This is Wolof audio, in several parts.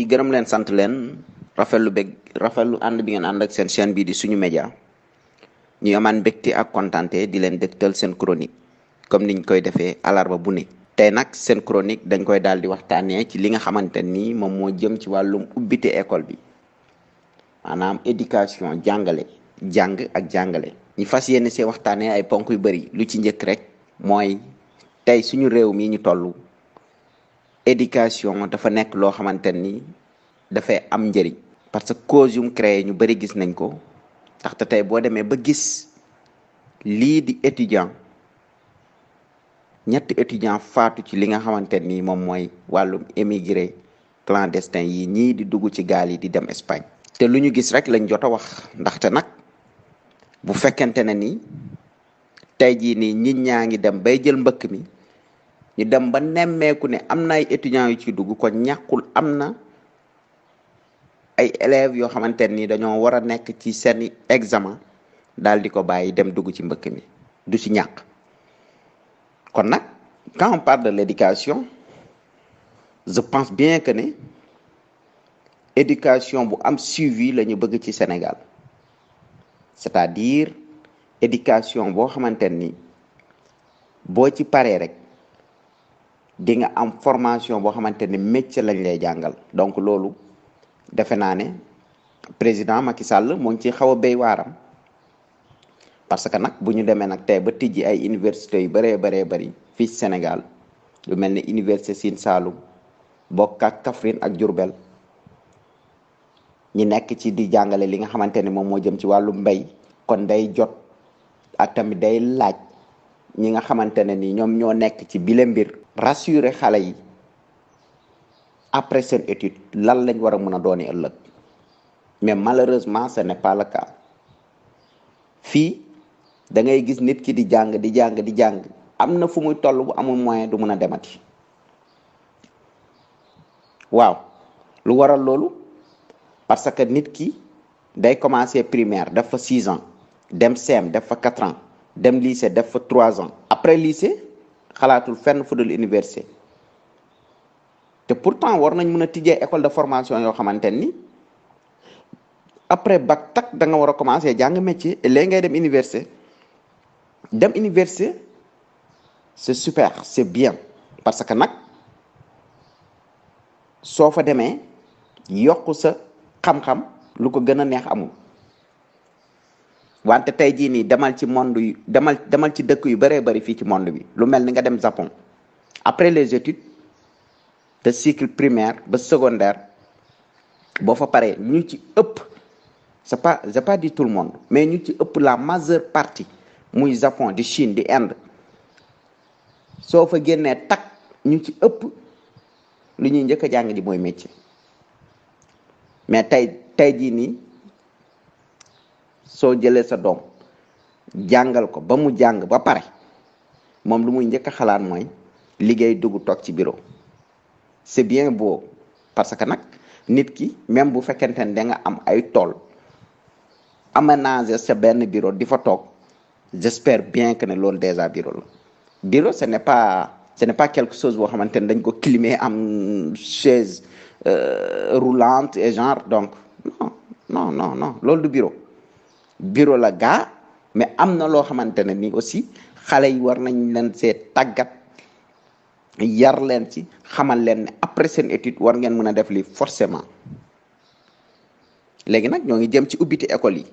yi gërëm leen sant leen rafetlu bég rafetlu ànd bi ngeen ànd ak seen chaîne bii di suñu média ñu amaan mbégte ak kontaante di leen dégtal seen chronique comme niñ koy defee alarba bu ne tey nag seen chronique dañ koy daal di waxtaanee ci li nga xamante ni moom moo jëm ci wàllum ubbite école bi maanaam éducation jàngale jàng ak jàngale ñi fas yéene see waxtaanee ay ponk yu bëri lu ci njëkk rek mooy tey suñu réew mi ñu toll éducation dafa nekk loo xamante ni dafay am njëriñ parce que cause yu mu ñu bari gis nañ ko ndaxte tey boo demee ba gis lii di étudiant ñetti étudiant faatu ci li nga xamante ni moom mooy wàllum émigré clandestin yi ñii di dugg ci gaal yi di dem Espagne te lu ñu gis rek lañ jot a wax ndaxte nag bu fekkente ne ni tey jii nii nit ñaa ngi dem bay jël mbëkk mi ñu dem ba nemmeeku ne am na ay étudiants yu ci dugg kon ñàkkul am na ay élèves yoo xamante ni dañoo war a nekk ci seeni examen dal di ko bàyyi dem dugg ci mbëkk mi du ci ñàkk kon nag quand on parle de l'éducation je pense bien que ne éducation bu am suivi la ñu bëgg ci Sénégal c'est-à-dire éducation boo xamante ni boo ci paree rek di nga am formation boo xamante ne métier lañ lay jàngal donc loolu defe naa ne président Macky Sall moo ngi ciy xaw a béy waaram parce que nag bu ñu demee nag tey ba tijji ay université yu bëree bëree bari fii Sénégal lu mel ne université Sine Saalum bokk ak kafrin ak Diourbel ñi nekk ci di jàngale li nga xamante ne moom moo jëm ci wàllu mbay kon day jot ak tamit day laaj. ñi nga xamante ne ni ñoom ñoo nekk ci bile mbir rassurer xale yi après seen étude lan lañ war a mën a dooni ëllëg mais malheureusement ce n'est pas le cas fii da ngay gis nit ki di jàng di jàng di jàng am na fu muy toll bu amul moyen du mën a demati waaw lu waral loolu parce que nit ki day commencer primaire def fa six ans dem CM def fa quatre ans dem lycée def fa trois ans après lycée xalaatul fenn fu dul université te pourtant war nañ mun a tijjee école de formation yoo xamante ni après bac tak da nga war a commencer jàng métier léegi ngay dem université dem université c'est super c'est bien parce que nag soo fa demee yokk sa xam-xam lu ko gën a neex amul wante tey jii nii demal ci monde yu demal demal ci dëkk yu baree bari fii ci monde bi lu mel ni nga dem Japon après les études te cycle primaire ba secondaire boo fa paree ñu ci ëpp c'est pas c'est tout le monde mais ñu ci ëpp la majeure partie muy Japon di Chine di Inde soo fa génnee takk ñu ci ëpp lu ñuy njëkk a jàng ji mooy métier mais tey tey jii nii. soo jëlee sa doom jàngal ko ba mu jàng ba pare moom lu muy njëkk a xalaat mooy liggéey dugg toog ci bureau c'est bien beau parce que nag nit ki même bu fekkente ne da nga am ay tool aménager sa benn bureau di fa toog j'espère bien que ne loolu déjà bureau la bureau ce n'est pas quelque chose boo xamante ne dañ ko climer am chaise euh, roulante et genre donc no non non non loolu du bureau bureau la gaa mais am na loo xamante ne nii aussi xale yi war nañ leen see tàggat yar leen ci xamal leen ne après seen étude war ngeen mën a def lii forcément léegi nag ñoo ngi jëm ci ubbiti école yi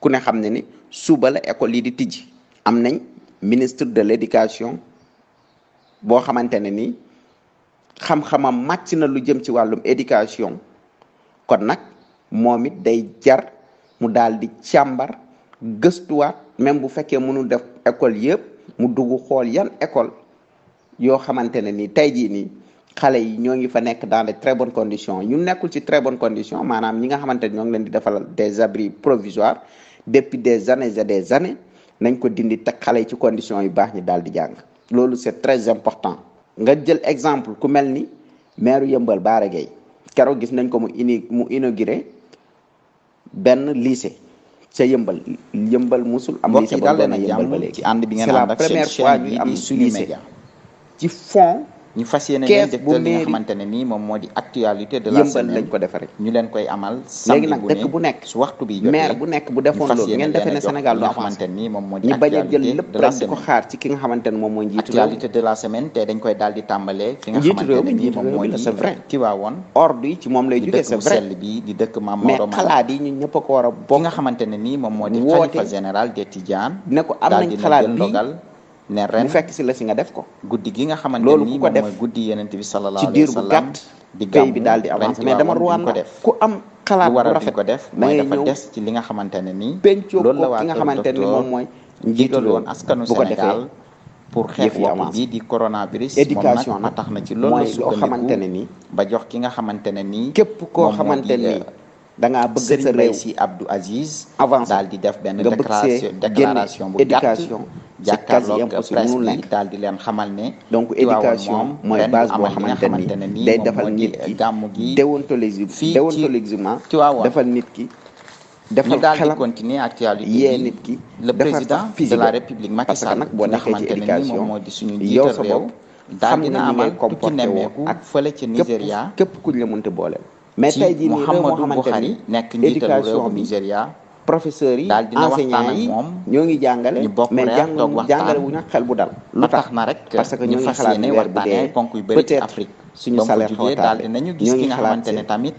ku ne xam ne ni suba la école yi di tijji am nañ ministre de l'éducation boo xamante ne ni xam-xamam màcc na lu jëm ci wàllum éducation kon nag moom day jar mu daal di càmbar gëstuwaat même bu fekkee mënul def école yëpp mu dugg xool yan école yoo xamante ne nii tey jii nii xale yi ñoo ngi fa nekk dans de très bonnes conditions ñu nekkul ci très bonnes conditions maanaam ñi nga xamante ne ñoo ngi leen di defal des abris provisoires depuis des années et des années nañ ko dindi teg xale yi ci conditions yu baax ñi daal di jàng loolu c'est très important nga jël exemple ku mel ni maire yëmbal Baara Gueye keroog gis nañ ko mu ini mu inauguré benn lycée ca yëmbal yëmbal musul am lycée ba doon na yëmbal ba léegi c'est la première fois ñu am lycée ci fond ñu fas yéene leen def li nga xamante ne nii moom moo di actualité de la semaine lañ ko defaree ñu leen koy amal léegi nag dëkk bu nekk su waxtu bi jotee maire bu nekk bu defoon loolu ngeen defee ne Sénégal du avancé nii moom moo di ñu bañ a jël lépp rek di ko xaar ci ki nga xamante ne moom mooy njiitu réew actualité de la semaine te dañ koy daal di tàmbalee fi nga xamante ne nii moom mooy di Tiwaawoon ordre yi ci moom lay jógee c'est vrai bi di dëkk Maam Mor mais xalaat yi ñun ñëpp a ko war a bokk nga xamante ne nii moom moo di xalifa général des Tidianes ne ko am nañ xalaat bi ne ren fekk si la si nga def ko. guddi gi nga xamante loolu ku ko def mooy guddi yenent bi sallallahu alayhi wa sallam ci diir bu gàtt. bi daal di avancé mais dama ruwaan ko def ku am xalaat bu rafet ko def mooy dafa ci li nga xamante ne nii. pencoo ko ki nga xamante ne moom mooy njiitu loon askanu Sénégal pour xeex waxtu bii di coronavirus. éducation nag tax na ci loolu la sukkandiku ba jox ki nga xamante ne nii. képp koo xamante ni euh, da ngaa bëgg sa réew si Abdou Aziz. avancé daal di def benn déclaration déclaration bu gàtt. jàkkaarloog presse bi daal di leen xamal ne donc éducation mooy base boo xamante ne nii day defal nit ki gàmmu gi déontologie déontologiquement defal nit ki defal xelam daal di continuer actualité yee nit ki le président de la république Macky Sall nag boo ne ci éducation moo di suñu njiital réew daal dina amal tukki nemmeeku ak fële ci Nigéria képp kuñ la mënta mais tey jii nii Mouhamadou Buhari nekk njiital réew Nigéria professeurs yi daal dina waxtaan ak moom ñoo ngi jàngale ñu bokk mais jàngale wu nag xel bu dal lu tax na rek parce que ñu ngi xalaat ne war bu dee ponk yu bëri Afrique suñu salaire xaw daal dinañu gis ki nga xamante ne tamit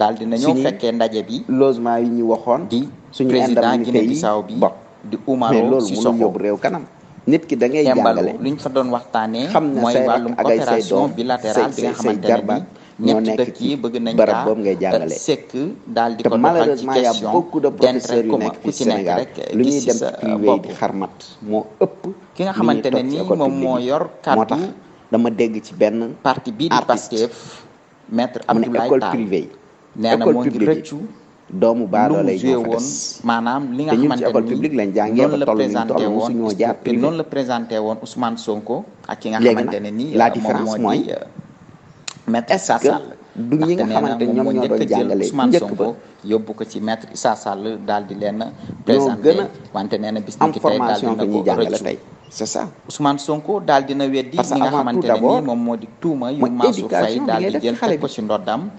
daal dinañoo fekkee ndaje bi logement yi ñu waxoon di suñu président Guinée Bissau bi di Umaro Sissoco yóbbu réew kanam nit ki da ngay jàngale luñ fa doon waxtaanee xam na mooy wàllum coopération bilatérale bi nga xamante ne ñett dëkk yi bëgg nañ barab boobu ngay jàngale euh, sekk daal di ko doxal ci question beaucoup de professeurs yu lu ñuy dem ci euh, privé di xarmat moo ëpp ki nga xamante ne nii moom moo yor kàddu dama dégg ci benn parti bii di Pastef maître Abdoulaye Tall école privée nee na moo ngi rëccu doomu baadoo lay ñoo woon maanaam li nga xamante école publique lañ jàngee ba toll ñu toll suñoo jaar noonu la présenté woon Ousmane Sonko ak ki nga xamante ne nii la euh, mooy maître Issa du ñi nga xamante ñoom ñoo doon jàngale njëkk ba ko ci maître daal di leen présenté ñoo gën a wante nee na bis am formation que ñuy jàngale tey c'est ça Ousmane Sonko daal dina weddi ñi nga xamante ne nii moom moo di tuuma yu Mansour Faye daal di jël teg ko ci ndoddam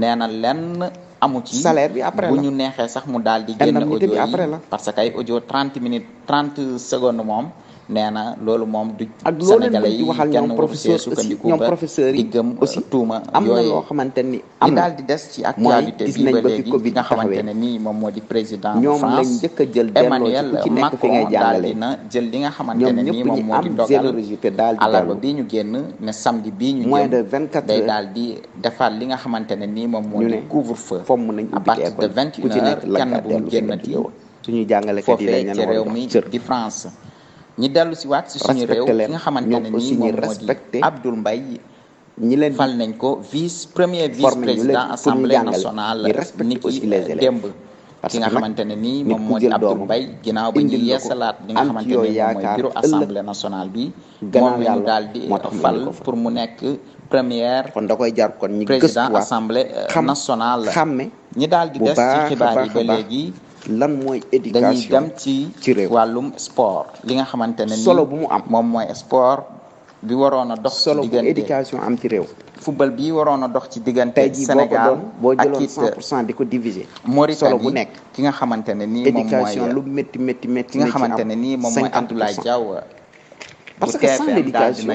nee na lenn amu ci salaire bi après bu ñu neexee sax mu daal di génn audio yi parce que ay audio 30 minutes 30 secondes moom nee na loolu moom du. ak loolu leen di waxal ñoom professeur aussi yi aussi euh, tuuma am na loo xamante ni am na daal des ci actualité bi ba léegi bi nga ne nii moom moo di président ñoom lañ njëkk a jël Emmanuel Macron daal na jël li nga xamante ne nii moom moo di dogal àllarba bii ñu génn ne samedi bii ñu moins de vingt quatre heures day di defaat li nga xamante ne nii moom moo di couvre feu fomm nañ à partir de vingt une heures kenn bu France ñi dellu si waat si suñu réew ki nga xamante ne nii moom moo di Abdoul Mbaye ñi leen fal nañ ko vice premier vice président assemblée nationale ni ki euh, démb ki nga xamante ne nii moom moo di Abdoul Mbaye ginnaaw ba ñu yeesalaat li nga xamante ne mooy bureau assemblée nationale bi moom la ñu daal fal pour mu nekk première kon da koy kon ñi président assemblée euh, nationale ñi daal di des ci xibaar yi ba léegi lan mooy éducation dañuy ci ci wàllum sport li nga xamante ne solo bu mu am moom mooy sport bi waroon a dox solo bu éducation am ci réew football bi waroon a dox ci diggante Sénégal boo jëloon cent pour cent di ko diviser Mauritanie solo bu nekk ki nga xamante ne ni moom mooy éducation lu métti métti métti ki nga xamante ne nii moom mooy Abdoulaye Diaw parce que sans l'éducation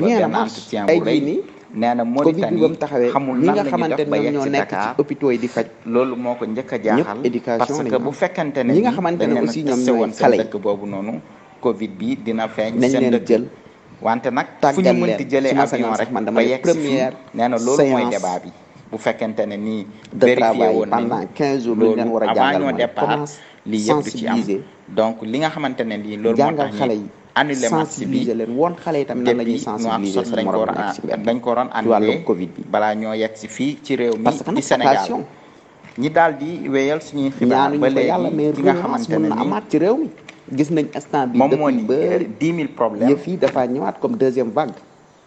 rien ne marche tey jii nii nee na Mauritanie covid bi taxawee xamul ñi nga xamante ne ñoo nekk ci hôpitaux yi di faj. loolu moo ko njëkk a jaaxal parce que bu fekkente ne ñi nga xamante ne aussi ñoom ñooy xale yi dëkk boobu noonu covid bi dina feeñ seen dëkk jël wante nag fu ñu mënti jëlee avion rek man dama yegg première nee na loolu mooy débat bi bu fekkente ne nii vérifié woon pendant quinze jours loolu war a jàngal avant ñoo départ lii yëpp du ci am donc li nga xamante ne lii loolu moo tax xale yi annulé match bi sensibiliser leen woon xale yi tamit nan la ñuy sensibiliser seen morom dañ ko waroon annulé Covid bi ñoo yegg si fii ci réew mi ci Sénégal ñi daal di wéyal suñuy xibaar ba léegi ki nga xamante ne nii amaat ci réew mi gis nañ instant bi moom moo ni dix mille problèmes yëf yi dafa ñëwaat comme deuxième vague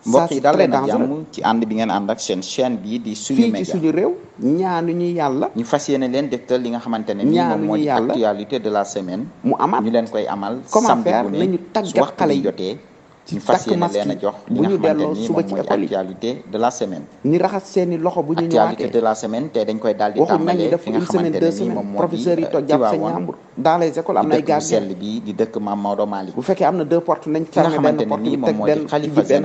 mbokk yi daal leen jàmm ci ànd bi ngeen ànd ak seen chaîne bii di suñu média suñu réew ñaanu ñu yàlla ñu fas yéene leen dégtal li nga xamante ne nii moom moo di actualité de la semaine mu amaat ñu leen koy amal samedi bu ne su waxtu bi jotee ci fas yéene leen a jox bu ñu delloo suba ci école de la semaine ni raxas seeni loxo bu ñu ñëwaatee de la semaine te dañ koy daal di tàmbalee fi nga xamante ne moom moo di euh, Tivaouane dans les écoles am na ay gardien sell bi di dëkk Maam Maodo Malick bu jël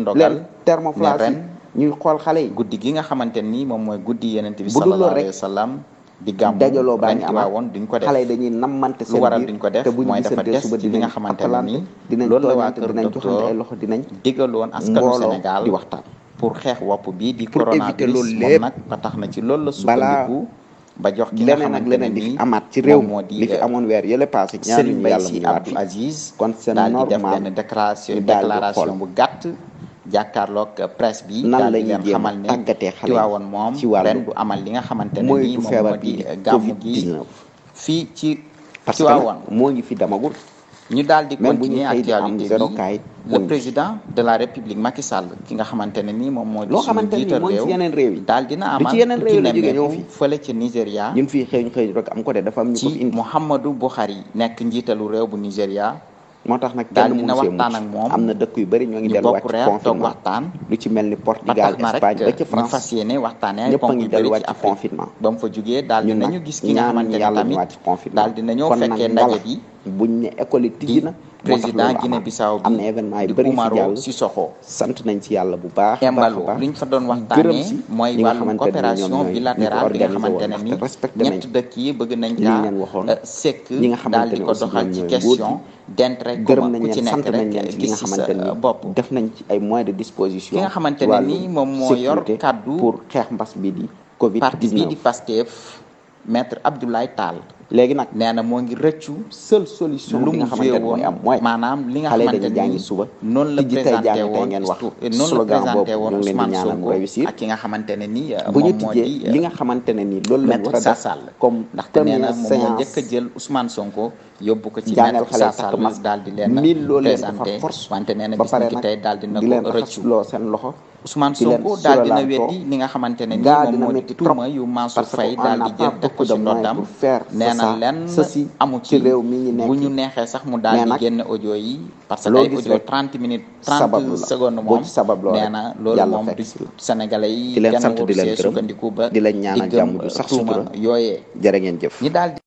ndogal thermoflash ñuy xool xale yi guddi gi nga xamante nii moom mooy guddi yenente bi sallallahu alayhi wa di gàmm dajaloo baa ngi am xale yi dañuy nammante seen biir duñ ko def te bu ñu gisante suba dinañ xamalante dinañ tooñante dinañ joxante ay loxo dinañ digaloon askanu Sénégal di waxtaan pour xeex wopp bii di coronavirus moom nag ba tax na ci loolu la sukkandiku ba jox ki nga xamante ne leneen ak leneen di amaat ci réew mi li fi euh, amoon weer yële passé ñaari ñu yàlla mu ñëwaat kon seen normal daal di def benn déclaration bu gàtt jàkkaarloog presse bi. nan la ñuy jéem a tàggatee xale yi Tiwaawoon moom ren du amal li nga xamante ne nii moom moo di gàmmu gi fii ci Tiwaawoon moo ngi fi damagul. ñu daal di continuer actualité bi le président de la république Macky Sall ki nga xamante ne nii moom moo. loo xamante ni mooy ci yeneen réew yi daal dina amal ci yeneen réew la jógee ñëw fi fële ci Nigéria. ñun fii xëy xëy rek am ko de dafa am ñu ko fi indi. Buhari nekk njiitalu réew bu Nigéria. moo tax nag kenn mënu see mucc am na dëkk yu bëri ñoo ngi delluwaat ci confinement lu ci mel ni Portugal Espagne ba ca euh, France ñëpp a ngi delluwaat ci confinement ñun gis ñaan yàlla ñu waat ci confinement kon nag ngala buñ ne école yi na président Guinée Bissau bi am na événement yu bëri fi jàll Sissoko sant nañ ci yàlla bu baax baax baax liñ fa doon waxtaanee mooy wàllu coopération bilatérale bi nga xamante ne ni respecté ñett dëkk yi bëgg nañ kaa waxoon euh, sekk ñi nga xamante ne aussi doxal ci question d'intérêt gërëm nañ ci li nga xamante ne bopp def nañ ci ay moyens de disposition ki nga xamante ne ni moom moo yor kàddu pour xeex bi di covid parti bi di Pastef maître Abdoulaye Tall léegi nag nee na moo ngi rëccu seule solution lu mu joué woon mooy am mooy maanaam li nga xamante ne jàngi suba noonu la présenté woon ngeen wax noonu la présenté woon Ousmane Sonko ak ki nga xamante ne ni bu euh, ñu tijjee li euh, nga xamante ne ni loolu la war a def comme ndaxte nee na moom moo njëkk a jël Ousmane Sonko yóbbu ko ci jàngal xale takk masque daal di leen mil loolu leen dafa force wante nee na bis ni ki daal di na ko rëccu loo seen loxo Ousmane Sonko daal dina weddi li xamante ne nii moom moo di tuuma yu Mansour Faye daal di jël teg ko si ndoddam nee na lenn amu ci bu ñu neexee sax mu daal di génn audio yi parce que ay audio trente minutes trente secondes moom na loolu moom du sénégalais yi kenn waru see sukkandiku ba di la ñaanal jàmm ju sax sutura yooyee jërë ngeen jëf